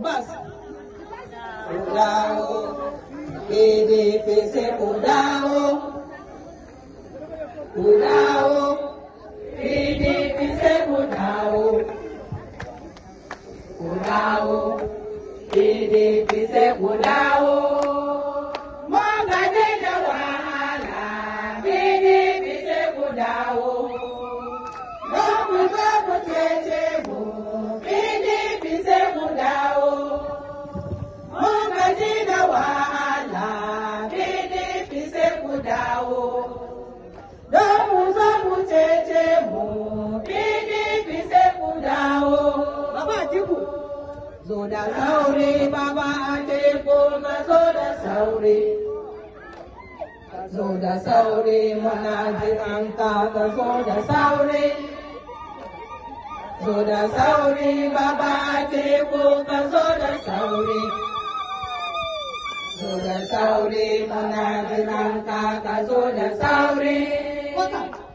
bus. Kudao, PDP say Kudao. Kudao, PDP say Kudao. Kudao, PDP say Kudao. Mwangane da wahala pdp sai ku dawo don mu zo mu cece mu pdp sai ku dawo baba atiku zo da sauri baba atiku ka zo da sauri zo da sauri muna jiran ka ka zo da sauri zo da sauri baba atiku ka zo da sauri Soda Sauri, Mona Genang Kakak Soda Sauri. Kota.